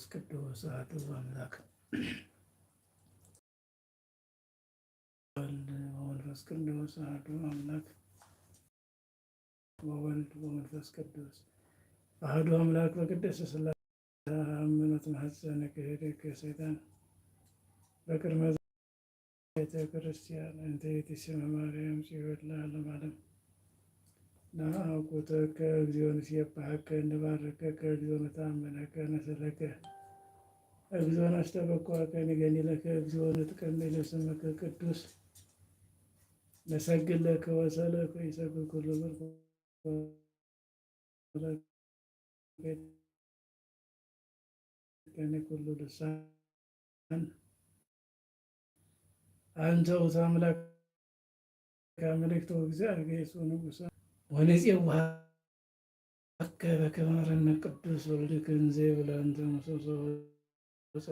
መንፈስ ቅዱስ አሐዱ አምላክ ወልድ በመንፈስ ቅዱስ አሐዱ አምላክ ወወልድ በመንፈስ ቅዱስ አሐዱ አምላክ በቅድስት ሥላሴ አምኖት ማኅፀነ ክህድግ ሰይጣን በቅድመ ቤተ ክርስቲያን እንተ ይእቲ ማርያም ጽዮን ለዓለመ ዓለም ናቁተከ እግዚኦ ንሴብሐከ እንባርከከ እግዚኦ ንታመነከ ነስረከ እግዚኦ ናስተበኳከ ንገኒለከ እግዚኦ ንጥቀመ ለስምከ ቅዱስ ነሰግድ ወሰለከ ይሰግድ ኩሉ ከነ ኩሉ ልሳን አንተ ውእቱ አምላክ አምልክቶ እግዚአብሔር ንጉሠ ወነፄው መሀከበከ መሐረነ ቅዱስ ወልድከ እንዘ ይብላ እንተ እምሰሶ ቅዱስ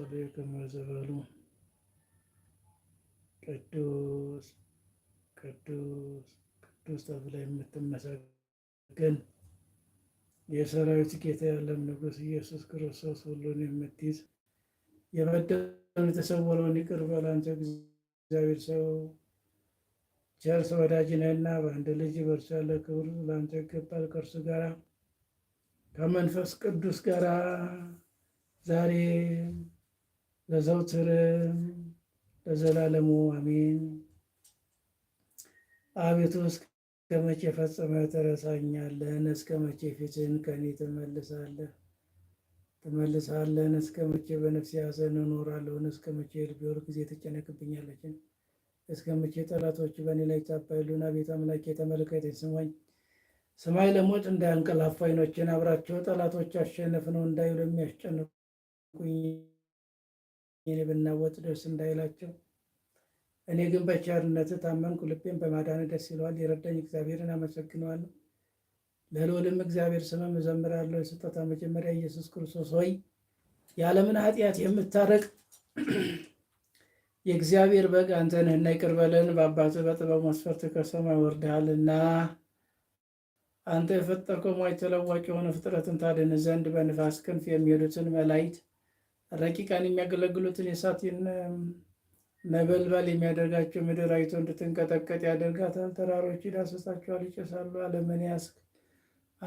ቅዱስ ቅዱስ ተብላ የምትመሰገን የሰራዊት ጌታ ያለም ንጉሥ ኢየሱስ ክርስቶስ ሁሉን የምትይዝ የበደለውን የተሰወረውን ይቅር በላንተ አንተ እግዚአብሔር ሰው ቸርስ ወዳጅ ነህና በአንድ ልጅ በእርሱ ያለ ክብር ለአንተ ይገባል። ከእርሱ ጋራ ከመንፈስ ቅዱስ ጋር ዛሬ ለዘውትር ለዘላለሙ አሜን። አቤቱ እስከ መቼ ፈጽመህ ትረሳኛለህን? እስከ መቼ ፊትህን ከኔ ትመልሳለህ ትመልሳለህን? እስከ መቼ በነፍሴ ሐዘን እኖራለሁን? እስከ መቼ ልቢወር ጊዜ ትጨነቅብኛለችን? እስከምቼ ጠላቶች በእኔ ላይ ይታበያሉና። ቤተ አምላኬ ተመልከተኝ፣ ስማኝ። ሰማይ ለሞት እንዳያንቀላፉ ዓይኖችን አብራቸው። ጠላቶች አሸነፍ ነው እንዳይሉ የሚያስጨንቁኝ እኔ ብናወጥ ደስ እንዳይላቸው። እኔ ግን በቸርነት ታመንኩ፣ ልቤን በማዳን ደስ ይለዋል። የረዳኝ እግዚአብሔርን አመሰግነዋለሁ፣ ለልዑልም እግዚአብሔር ስምም እዘምራለሁ። የስጦታ መጀመሪያ ኢየሱስ ክርስቶስ ሆይ የዓለምን ኃጢአት የምታረቅ የእግዚአብሔር በግ አንተ ነህና ይቅር በለን፣ በአባትህ በጥበብ መስፈርት ከሰማይ ወርደሃልና። አንተ የፈጠርከው ሟች ተለዋጭ የሆነ ፍጥረትን ታድን ዘንድ በንፋስ ክንፍ የሚሄዱትን መላይት ረቂቃን የሚያገለግሉትን የእሳትን ነበልባል የሚያደርጋቸው ምድር አይቶ እንድትንቀጠቀጥ ያደርጋታል። ተራሮች ይዳሰሳቸዋል፣ ይጨሳሉ። ዓለምን ያስክ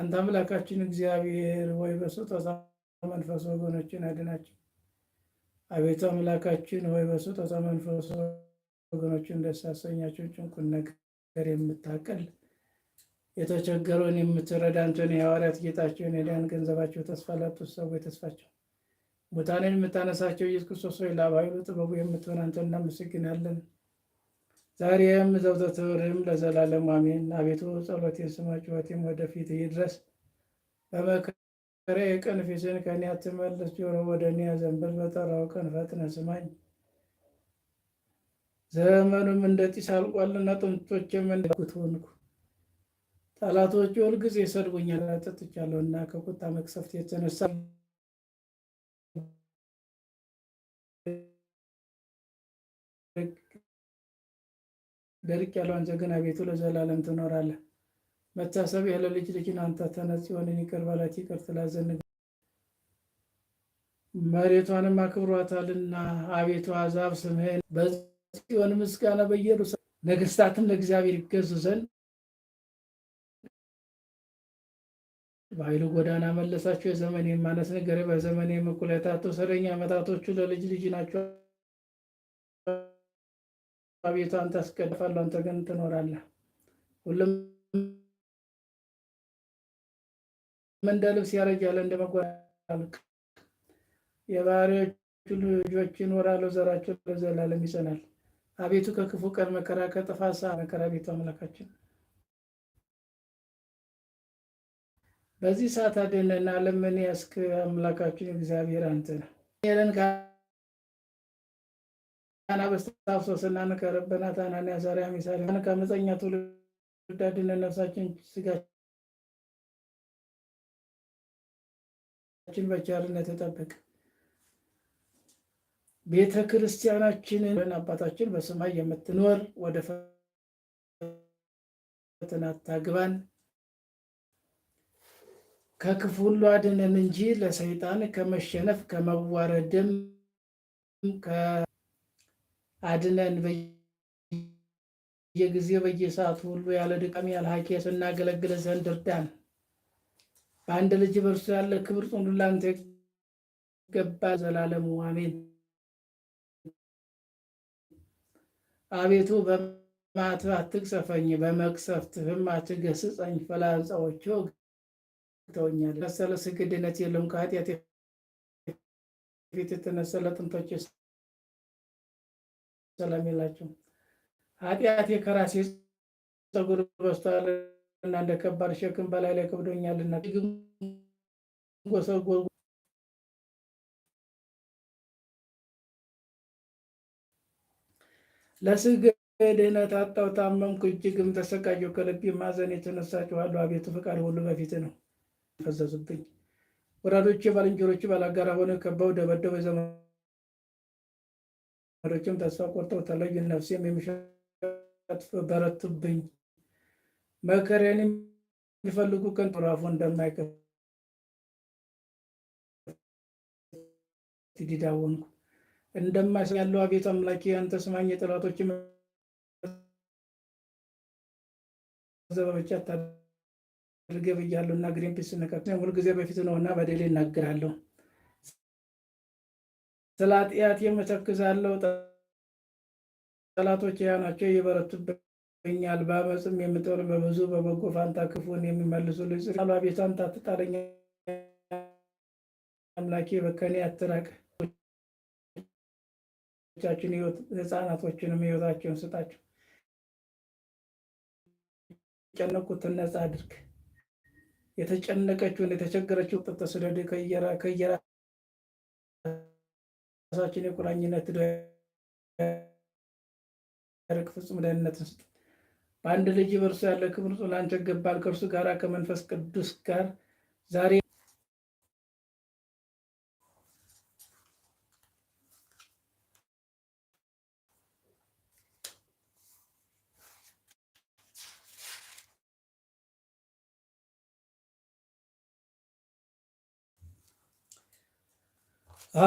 አንተ አምላካችን እግዚአብሔር ወይ በስጦታ መንፈስ ወገኖችን አድናቸው። አቤቱ አምላካችን ሆይ በስጦታ መንፈስ ወገኖችን ደስ ያሰኛቸው፣ ጭንቁን ነገር የምታቀል የተቸገረውን የምትረዳ አንተን የሐዋርያት ጌጣቸውን የዳን ገንዘባቸው ተስፋ ላጡ ሰዎች ተስፋቸው ሙታንን የምታነሳቸው ኢየሱስ ክርስቶስ ሆይ ላብ ኃይሉ ጥበቡ የምትሆን አንተን እናመሰግናለን። ዛሬም ዘውትርም ለዘላለም አሜን። አቤቱ ጸሎቴን ስማ፣ ጩኸቴም ወደፊት ይድረስ። በመከ ኧረ የቀን ፊትን ከኔ አትመልስ፣ ጆሮ ወደ እኔ አዘንብል፣ በጠራው ቀን ፈጥነ ስማኝ። ዘመኑም እንደ ጢስ አልቋልና ጥንቶቼም እንደ ሆንኩ። ጠላቶች ሁልጊዜ ይሰድቡኛል፣ እና ከቁጣ መቅሰፍት የተነሳ ደርቅ ያለው። አንተ ግን አቤቱ ለዘላለም ትኖራለህ። መታሰቢያ ለልጅ ልጅ አንተ ተነጽ የሆንን ይቅር በላት ይቅር ትላዘን መሬቷንም አክብሯታልና። አቤቱ አሕዛብ ስምህን በጽዮን ምስጋና በኢየሩሳሌም ነገስታትም ለእግዚአብሔር ይገዙ ዘንድ በኃይሉ ጎዳና መለሳቸው። የዘመን የማነስ ነገር በዘመን እኩሌታ አትውሰደኝ። ዓመታቶቹ ለልጅ ልጅ ናቸው። አቤቱ አንተ አስቀድፋለሁ፣ አንተ ግን ትኖራለህ ሁሉም እንደ ልብስ ያረጃል፣ እንደ መጓል የባሪያዎቹ ልጆች ይኖራሉ፣ ዘራቸው ለዘላለም ይጸናል። አቤቱ ከክፉ ቀን መከራ፣ ከጥፋት ሰዓት መከራ ቤቱ አምላካችን በዚህ ሰዓት አድነን። ለምን ያስክ አምላካችን እግዚአብሔር አንተ ነህ። ለን ካና በስታፍ ሶስናን ከረበናት አናንያ አዛርያ ከአመፀኛ ትውልድ አድነን ነፍሳችን ስጋ ችን በቸርነት ጠብቅ። ቤተ ክርስቲያናችንን አባታችን በሰማይ የምትኖር ወደ ፈተና አታግባን፣ ከክፉ ሁሉ አድነን እንጂ ለሰይጣን ከመሸነፍ ከመዋረድም አድነን። በየጊዜ በየሰዓት ሁሉ ያለ ድቃም ያለ ሀኬ ስናገለግል ዘንድ እርዳን። በአንድ ልጅ በእርሱ ያለ ክብር ጽኑ ላንተ ይገባል ዘላለሙ አሜን። አቤቱ በማትህ አትቅሰፈኝ፣ በመቅሰፍትህም አትገስጸኝ። ፍላጻዎቹ ተወኛል መሰለ ስግድነት የለም። ከኃጢአት ፊት የተነሰለ ጥንቶች ሰላም የላቸው። ኃጢአቴ ከራሴ ጸጉር በስቷል። እና እንደ ከባድ ሸክም በላይ ላይ ከብዶኛልና ጎሰጎር ለስጋዬ ድህነት አጣሁ፣ ታመምኩ፣ እጅግም ተሰቃየሁ። ከልቤ ማዘን የተነሳ ጮኻለሁ። አቤቱ ፈቃድ ሁሉ በፊት ነው ፈዘዙብኝ። ወዳዶቼ ባልንጀሮቼ ባላጋራ ሆነ ከበው ደበደበ። የዘመዶችም ተስፋ ቆርጠው ተለዩ። ነፍሴም የሚሸት በረቱብኝ። መከራዬን የሚፈልጉ ቀን ጦር እንደማይከ እንደማይከፍት ዲዳ ሆንኩ። ያለው አቤቱ አምላኬ አንተ ስማኝ፣ የጠላቶች ዘበበች አታድርገኝ ብያለሁ እና ግሪንፒስ ነቀፍ ሁልጊዜ በፊት ነውና በደሌ እናገራለሁ። ስለ ኃጢአቴ መሰክራለሁ። ጠላቶች ያ ናቸው የበረቱበት ይገኛል በአመፅም የምጠውን በብዙ በበጎ ፋንታ ክፉን የሚመልሱልኝ ጽድቅ ቃሏ ቤቷን ታትጣለኝ። አምላኬ በከኔ አትራቅ። ቻችን ህፃናቶችንም ህይወታቸውን ስጣቸው። የተጨነቁትን ነፃ አድርግ። የተጨነቀችውን የተቸገረችው ጥጥ ስደድ። ከየራሳችን የቁራኝነት ደርቅ ፍጹም ደህንነትን ስጥ። በአንድ ልጅ በእርሱ ያለ ክብር ሁሉ ለአንተ ይገባል፣ ከእርሱ ጋር ከመንፈስ ቅዱስ ጋር ዛሬ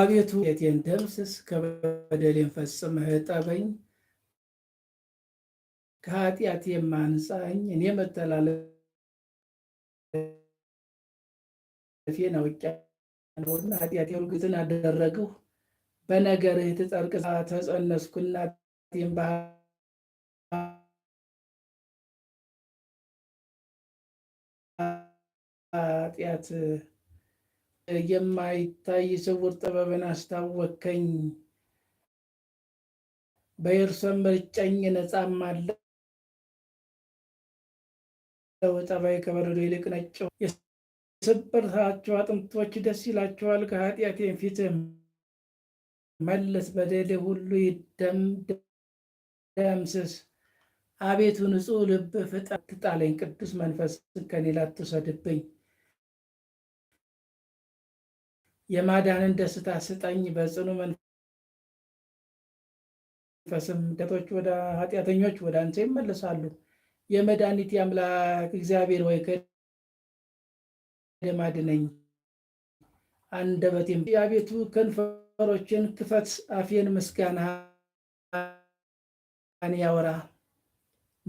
አቤቱ የጤን ደምስስ ከበደሌን ፈጽመህ እጠበኝ። ከኃጢአት የማንጻኝ እኔ መተላለፌን አውቄአለሁና ኃጢአቴን ግዝን አደረግሁ። በነገርህ ትጠርቅ ተጸነስኩና ተፀነስኩ፣ እናቴም የማይታይ ስውር ጥበብን አስታወከኝ። በየእርሷም መርጨኝ ነጻም አለ ጠባይ ከበረዶ ይልቅ ነጭ የሰበርታቸው አጥንቶች ደስ ይላቸዋል። ከኃጢአቴን ፊት መለስ፣ በደሌ ሁሉ ይደምስስ። አቤቱ ንጹሕ ልብ ፍጣ ትጣለኝ፣ ቅዱስ መንፈስ ከኔ ላይ የማዳንን ደስታ ስጠኝ፣ በጽኑ መንፈስም ደቶች ወደ ኃጢአተኞች ወደ አንተ ይመለሳሉ። የመድኃኒቴ አምላክ እግዚአብሔር ወይ ከደም አድነኝ። አንደበቴም አቤቱ ከንፈሮችን ክፈት፣ አፌን ምስጋናህን ያወራ።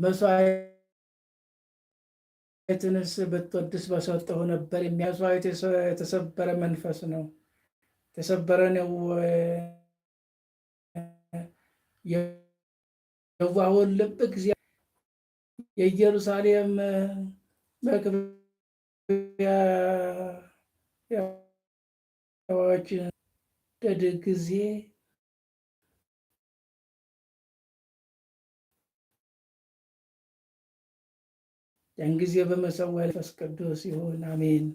መስዋዕትንስ ብትወድስ በሰጠሁ ነበር። የሚያስዋዕት የተሰበረ መንፈስ ነው፣ የተሰበረ ነው። የዋሁን ልብ እግዚአብሔር የኢየሩሳሌም መግቢያዎች ደድ ጊዜ ያን ጊዜ በመሰዋል ፈስ ቅዱስ ይሁን፣ አሜን።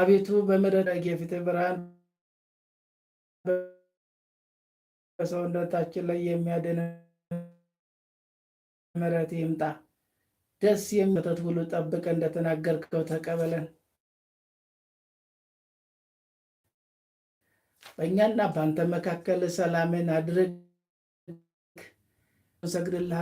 አቤቱ በምሕረት ጌ ብርሃን በሰውነታችን ላይ የሚያድን ምሕረት ይምጣ። ደስ የሚተት ሁሉ ጠብቀ እንደተናገርከው ተቀበለን። በእኛና በአንተ መካከል ሰላምን አድርግ። ሰግድልሃል